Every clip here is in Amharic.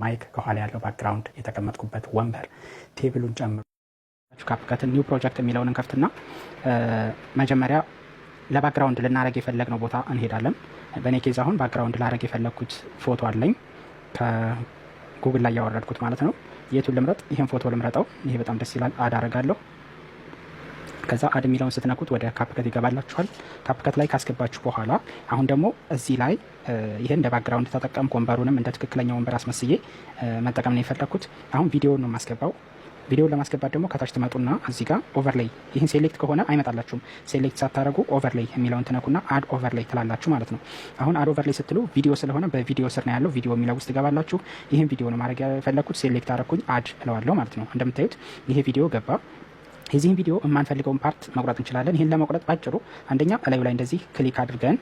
ማይክ፣ ከኋላ ያለው ባክግራውንድ፣ የተቀመጥኩበት ወንበር፣ ቴብሉን ጨምሮ ካፕከትን ኒው ፕሮጀክት የሚለውን እንከፍትና መጀመሪያ ለባክግራውንድ ልናደረግ የፈለግነው ቦታ እንሄዳለን። በእኔ ኬዝ አሁን ባክግራውንድ ላደረግ የፈለግኩት ፎቶ አለኝ ከጉግል ላይ ያወረድኩት ማለት ነው። የቱን ልምረጥ? ይህን ፎቶ ልምረጠው። ይሄ በጣም ደስ ይላል። አዳረጋለሁ ከዛ አድ የሚለውን ስትነኩት ወደ ካፕከት ይገባላችኋል። ካፕከት ላይ ካስገባችሁ በኋላ አሁን ደግሞ እዚህ ላይ ይህን እንደ ባክግራውንድ ተጠቀምኩ። ወንበሩንም እንደ ትክክለኛ ወንበር አስመስዬ መጠቀም ነው የፈለግኩት። አሁን ቪዲዮ ነው የማስገባው። ቪዲዮን ለማስገባት ደግሞ ከታች ትመጡና እዚህ ጋር ኦቨርላይ፣ ይህን ሴሌክት ከሆነ አይመጣላችሁም። ሴሌክት ሳታደረጉ ኦቨርላይ የሚለውን ትነኩና አድ ኦቨርላይ ትላላችሁ ማለት ነው። አሁን አድ ኦቨርላይ ስትሉ ቪዲዮ ስለሆነ በቪዲዮ ስር ነው ያለው። ቪዲዮ የሚለው ውስጥ ትገባላችሁ። ይህን ቪዲዮ ነው ማድረግ የፈለግኩት። ሴሌክት አረኩኝ፣ አድ እለዋለሁ ማለት ነው። እንደምታዩት ይሄ ቪዲዮ ገባ። የዚህን ቪዲዮ የማንፈልገውን ፓርት መቁረጥ እንችላለን። ይህን ለመቁረጥ ባጭሩ አንደኛ እላዩ ላይ እንደዚህ ክሊክ አድርገን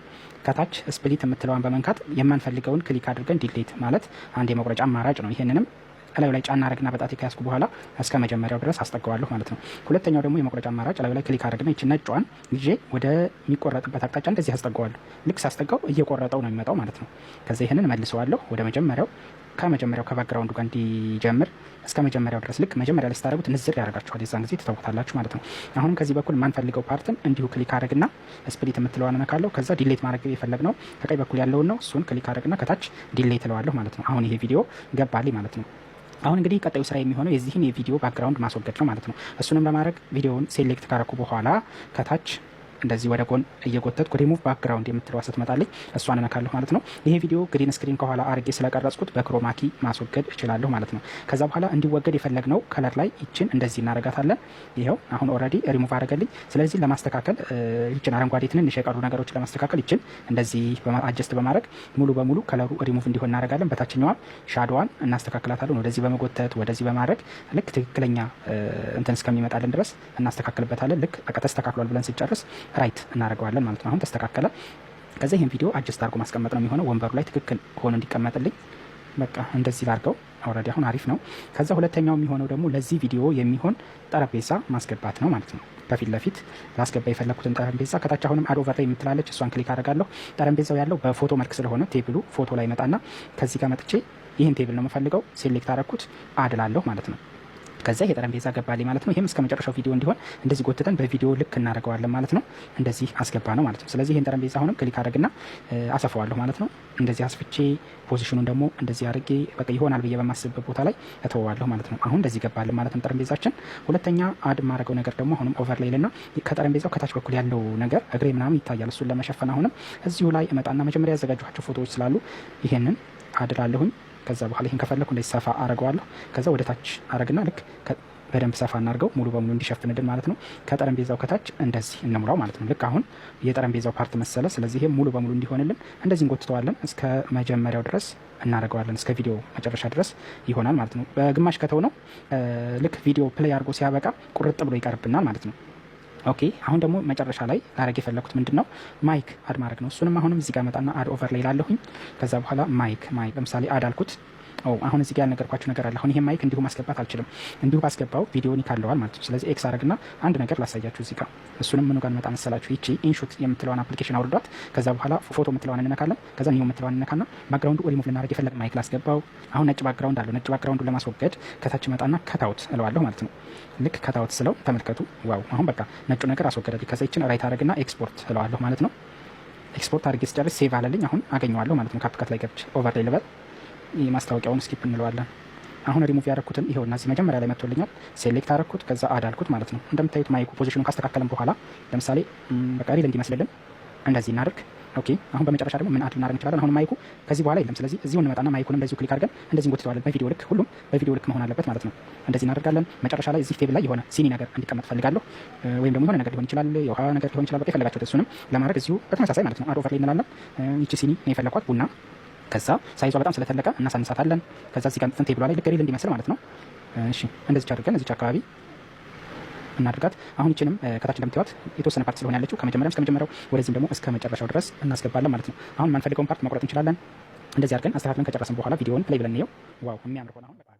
ከታች ስፕሊት የምትለዋን በመንካት የማንፈልገውን ክሊክ አድርገን ዲሌት ማለት አንድ የመቁረጫ አማራጭ ነው። ይህንንም እላዩ ላይ ጫና አረግና በጣቴ ከያዝኩ በኋላ እስከ መጀመሪያው ድረስ አስጠግባለሁ ማለት ነው። ሁለተኛው ደግሞ የመቁረጫ አማራጭ እላዩ ላይ ክሊክ አድርግና ይቺ ነጯን ይዤ ወደሚቆረጥበት አቅጣጫ እንደዚህ አስጠገዋለሁ። ልክ ሳስጠጋው እየቆረጠው ነው የሚመጣው ማለት ነው። ከዚ ይህንን መልሰዋለሁ ወደ መጀመሪያው ከመጀመሪያው ከባክግራውንዱ ጋር እንዲጀምር እስከ መጀመሪያው ድረስ ልክ መጀመሪያ ላይ ስታደረጉት ንዝር ያደርጋችኋል። የዛን ጊዜ ትታውቁታላችሁ ማለት ነው። አሁንም ከዚህ በኩል ማንፈልገው ፓርትን እንዲሁ ክሊክ አድረግና ስፕሊት የምትለዋን ነካለው። ከዛ ዲሌት ማድረግ የፈለግ ነው ከቀኝ በኩል ያለውን ነው። እሱን ክሊክ አድረግና ከታች ዲሌት እለዋለሁ ማለት ነው። አሁን ይሄ ቪዲዮ ገባልኝ ማለት ነው። አሁን እንግዲህ ቀጣዩ ስራ የሚሆነው የዚህን የቪዲዮ ባክግራውንድ ማስወገድ ነው ማለት ነው። እሱንም ለማድረግ ቪዲዮውን ሴሌክት ካረኩ በኋላ ከታች እንደዚህ ወደ ጎን እየጎተትኩ ሪሙቭ ባክግራውንድ የምትለዋ ስትመጣለች እሷን እነካለሁ ማለት ነው። ይሄ ቪዲዮ ግሪን ስክሪን ከኋላ አርጌ ስለቀረጽኩት በክሮማኪ ማስወገድ እችላለሁ ማለት ነው። ከዛ በኋላ እንዲወገድ የፈለግነው ከለር ላይ ይችን እንደዚህ እናረጋታለን። ይኸው አሁን ኦልሬዲ ሪሙቭ አደረገልኝ። ስለዚህ ለማስተካከል ይችን አረንጓዴ ትንንሽ የቀሩ ነገሮች ለማስተካከል ይችን እንደዚህ አጀስት በማድረግ ሙሉ በሙሉ ከለሩ ሪሙቭ እንዲሆን እናደርጋለን። በታችኛዋም ሻዶዋን እናስተካክላታለን። ወደዚህ በመጎተት ወደዚህ በማድረግ ልክ ትክክለኛ እንትን እስከሚመጣልን ድረስ እናስተካክልበታለን። ልክ በቃ ተስተካክሏል ብለን ስጨርስ ራይት እናደርገዋለን ማለት ነው። አሁን ተስተካከለ። ከዚህ ይህን ቪዲዮ አጀስት አድርጎ ማስቀመጥ ነው የሚሆነው። ወንበሩ ላይ ትክክል ሆኖ እንዲቀመጥልኝ በቃ እንደዚህ ላርገው። አውረዲ አሁን አሪፍ ነው። ከዛ ሁለተኛው የሚሆነው ደግሞ ለዚህ ቪዲዮ የሚሆን ጠረጴዛ ማስገባት ነው ማለት ነው። በፊት ለፊት ላስገባ የፈለግኩትን ጠረጴዛ ከታች አሁንም አድ ኦቨር ላይ የምትላለች እሷን ክሊክ አደርጋለሁ። ጠረጴዛው ያለው በፎቶ መልክ ስለሆነ ቴብሉ ፎቶ ላይ መጣና ከዚህ ጋር መጥቼ ይህን ቴብል ነው የምፈልገው። ሴሌክት አደረግኩት አድላለሁ ማለት ነው። ከዛ የጠረጴዛ ገባልኝ ማለት ነው። ይህም እስከ መጨረሻው ቪዲዮ እንዲሆን እንደዚህ ጎትተን በቪዲዮ ልክ እናደርገዋለን ማለት ነው። እንደዚህ አስገባ ነው ማለት ነው። ስለዚህ ይህን ጠረጴዛ አሁንም ክሊክ አድርግና አሰፋዋለሁ ማለት ነው። እንደዚህ አስፍቼ ፖዚሽኑን ደግሞ እንደዚህ አድርጌ በቃ ይሆናል ብዬ በማስብበት ቦታ ላይ እተወዋለሁ ማለት ነው። አሁን እንደዚህ ገባልን ማለት ነው ጠረጴዛችን። ሁለተኛ አድ ማድረገው ነገር ደግሞ አሁንም ኦቨርላይ ልና ከጠረጴዛው ከታች በኩል ያለው ነገር እግሬ ምናምን ይታያል። እሱን ለመሸፈን አሁንም እዚሁ ላይ እመጣና መጀመሪያ ያዘጋጀኋቸው ፎቶዎች ስላሉ ይሄንን አድላለሁኝ ከዛ በኋላ ይህን ከፈለኩ እንደዚህ ሰፋ አረገዋለሁ። ከዛ ወደ ታች አረግና ልክ በደንብ ሰፋ እናርገው ሙሉ በሙሉ እንዲሸፍንልን ማለት ነው። ከጠረጴዛው ከታች እንደዚህ እንሙላው ማለት ነው። ልክ አሁን የጠረጴዛው ፓርት መሰለ። ስለዚህ ይሄ ሙሉ በሙሉ እንዲሆንልን እንደዚህ እንጎትተዋለን። እስከ መጀመሪያው ድረስ እናደርገዋለን። እስከ ቪዲዮ መጨረሻ ድረስ ይሆናል ማለት ነው። በግማሽ ከተው ነው ልክ ቪዲዮ ፕሌይ አድርጎ ሲያበቃ ቁርጥ ብሎ ይቀርብናል ማለት ነው። ኦኬ አሁን ደግሞ መጨረሻ ላይ ላረግ የፈለኩት ምንድን ነው ማይክ አድ ማድረግ ነው። እሱንም አሁንም እዚህ ጋር መጣና አድ ኦቨር ላይ ላለሁኝ ከዛ በኋላ ማይክ ማይክ ለምሳሌ አድ አልኩት አሁን እዚህ ጋር ያልነገርኳችሁ ነገር አለ። አሁን ይሄ ማይክ እንዲሁ ማስገባት አልችልም። እንዲሁ ባስገባው ቪዲዮን ይካለዋል ማለት ነው። ስለዚህ ኤክስ አረግና አንድ ነገር ላሳያችሁ እዚህ ጋር። እሱንም ምኑ ጋር መጣ መሰላችሁ? ይቺ ኢንሹት የምትለዋን አፕሊኬሽን አውርዷት። ከዛ በኋላ ፎቶ የምትለዋን እንነካለን። ከዛ ኒው የምትለዋን እንነካና ባክግራውንዱ ሪሙቭ ልናደርግ የፈለግ ማይክ ላስገባው። አሁን ነጭ ባክግራውንድ አለው። ነጭ ባክግራውንዱ ለማስወገድ ከታች መጣና ከታውት እለዋለሁ ማለት ነው። ልክ ከታውት ስለው ተመልከቱ። ዋው! አሁን በቃ ነጩ ነገር አስወገደልኝ። ከዛ ይችን ራይት አረግና ኤክስፖርት እለዋለሁ ማለት ነው። ኤክስፖርት አድርጌ ስጨርስ ሴቭ አለልኝ። አሁን አገኘዋለሁ ማለት ነው። ካፕካት ላይ ገብች ኦቨር ላይ ልበል ማስታወቂያውን ስኪፕ እንለዋለን። አሁን ሪሙቭ ያደረኩትን እና እዚህ መጀመሪያ ላይ መጥቶልኛል። ሴሌክት አደረኩት፣ ከዛ አዳልኩት ማለት ነው። እንደምታዩት ማይኩ ፖዚሽኑን ካስተካከለን በኋላ ለምሳሌ በቃ ሪል እንዲመስልልን እንደዚህ እናደርግ። ኦኬ አሁን በመጨረሻ ደግሞ ምን አድ ልናደርግ እንችላለን? አሁን ማይኩ ከዚህ በኋላ የለም። ስለዚህ እዚሁ እንመጣና ማይኩንም በዚሁ ክሊክ አድርገን እንደዚህ እንጎትተዋለን። በቪዲዮ ልክ ሁሉም በቪዲዮ ልክ መሆን አለበት ማለት ነው። እንደዚህ እናደርጋለን። መጨረሻ ላይ እዚህ ቴብል ላይ የሆነ ሲኒ ነገር እንዲቀመጥ ፈልጋለሁ፣ ወይም ደግሞ የሆነ ነገር ሊሆን ይችላል፣ የውሃ ነገር ሊሆን ይችላል። በቃ የፈለጋችሁት እሱንም ለማድረግ እዚሁ በተመሳሳይ ማለት ነው አድ ኦቨር ላይ እንላለን። ይቺ ሲኒ ነው የፈለኳት ቡና ከዛ ሳይዟ በጣም ስለተለቀ እናሳንሳታለን። ከዛ እዚህ ጋር እንትን ላይ ልክ ሪል እንዲመስል ማለት ነው። እሺ እንደዚች አድርገን እዚች አካባቢ እናድርጋት። አሁን ይችንም ከታች እንደምትዋት የተወሰነ ፓርት ስለሆነ ያለችው ከመጀመሪያ እስከ መጀመሪያው ወደዚህም ደግሞ እስከ መጨረሻው ድረስ እናስገባለን ማለት ነው። አሁን የማንፈልገውን ፓርት መቁረጥ እንችላለን። እንደዚህ አድርገን አስተካክለን ከጨረስን በኋላ ቪዲዮውን ፕሌይ ብለን እንየው። ዋው የሚያምር ሆነ አሁን